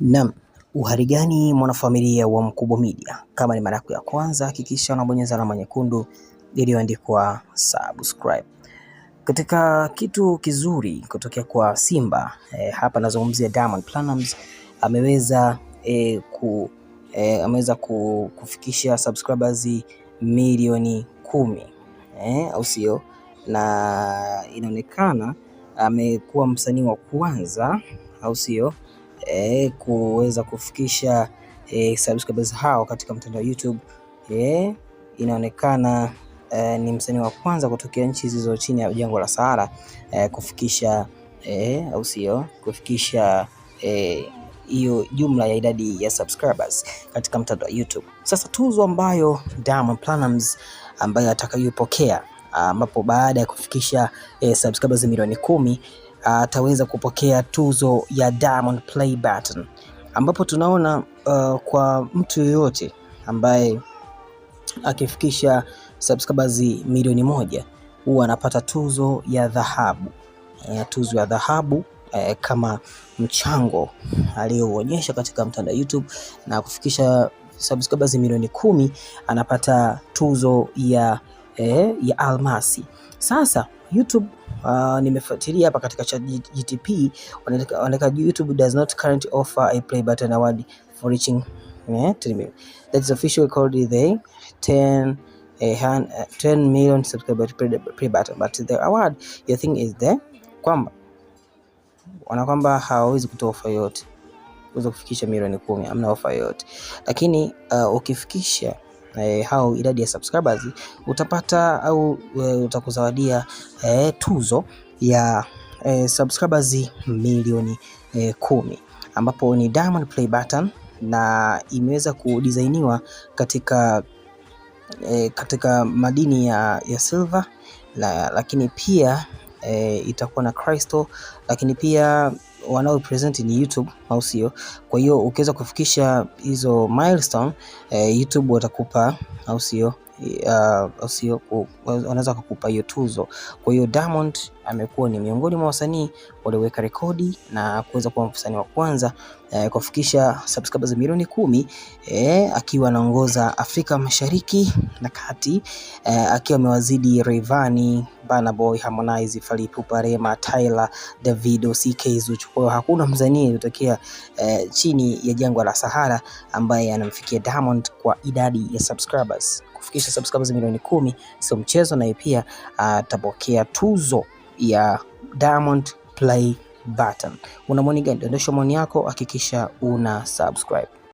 Naam, uhari gani mwanafamilia wa Mkubwa Media? Kama ni mara yako ya kwanza, hakikisha unabonyeza alama nyekundu iliyoandikwa subscribe. Katika kitu kizuri kutokea kwa Simba eh, hapa nazungumzia Diamond Platnumz ameweza eh, ku, eh, ameweza ku, kufikisha subscribers milioni kumi eh, au sio? Na inaonekana amekuwa msanii wa kwanza au sio? e, kuweza kufikisha e, subscribers hao katika mtandao wa YouTube E, inaonekana e, ni msanii wa kwanza kutokea nchi zilizo chini ya jangwa la Sahara e, kufikisha e, au sio kufikisha e, hiyo jumla ya idadi ya subscribers katika mtandao wa YouTube. Sasa tuzo ambayo Diamond Platnumz ambayo atakayopokea ambapo baada ya kufikisha eh, subscribers milioni kumi ataweza kupokea tuzo ya Diamond Play Button, ambapo tunaona uh, kwa mtu yoyote ambaye akifikisha subscribers milioni moja huwa anapata tuzo ya dhahabu e, tuzo ya dhahabu e, kama mchango aliyoonyesha katika mtandao YouTube, na kufikisha subscribers milioni kumi anapata tuzo ya, e, ya almasi. Sasa YouTube uh, nimefuatilia hapa katika chat GTP wanaandika YouTube does not currently offer a play button award for reaching yeah, 10 million. That is officially called the 10 10 eh, million subscriber play button but the award your thing is there kwamba wana kwamba hawawezi kutoa ofa yoyote kuweza kufikisha milioni kumi, amna ofa yoyote, lakini uh, ukifikisha eh, au idadi ya subscribers utapata au eh, utakuzawadia eh, tuzo ya eh, subscribers milioni eh, kumi ambapo ni Diamond Play Button na imeweza kudizainiwa katika e, katika madini ya, ya silver la, lakini pia e, itakuwa na crystal lakini pia wanaopresent ni YouTube, au sio? Kwa hiyo ukiweza kufikisha hizo milestone eh, YouTube watakupa, au sio? uh, wanaweza kukupa hiyo tuzo. Kwa hiyo Diamond amekuwa ni miongoni mwa wasanii walioweka rekodi na kuweza kuwa msanii wa kwanza eh, kufikisha subscribers milioni kumi eh, akiwa anaongoza Afrika Mashariki na Kati eh, akiwa amewazidi Rayvanny, Burna Boy, Harmonize, Fally Ipupa, Rema, Tyler, Davido, CK Zuchu. Kwa hiyo hakuna msanii aliyotokea eh, chini ya jangwa la Sahara ambaye anamfikia Diamond kwa idadi ya subscribers kufikisha subscribers milioni kumi sio mchezo, na pia ah, atapokea uh, tuzo ya Diamond Play Button. Una maoni gani? Dondosha maoni yako, hakikisha una subscribe.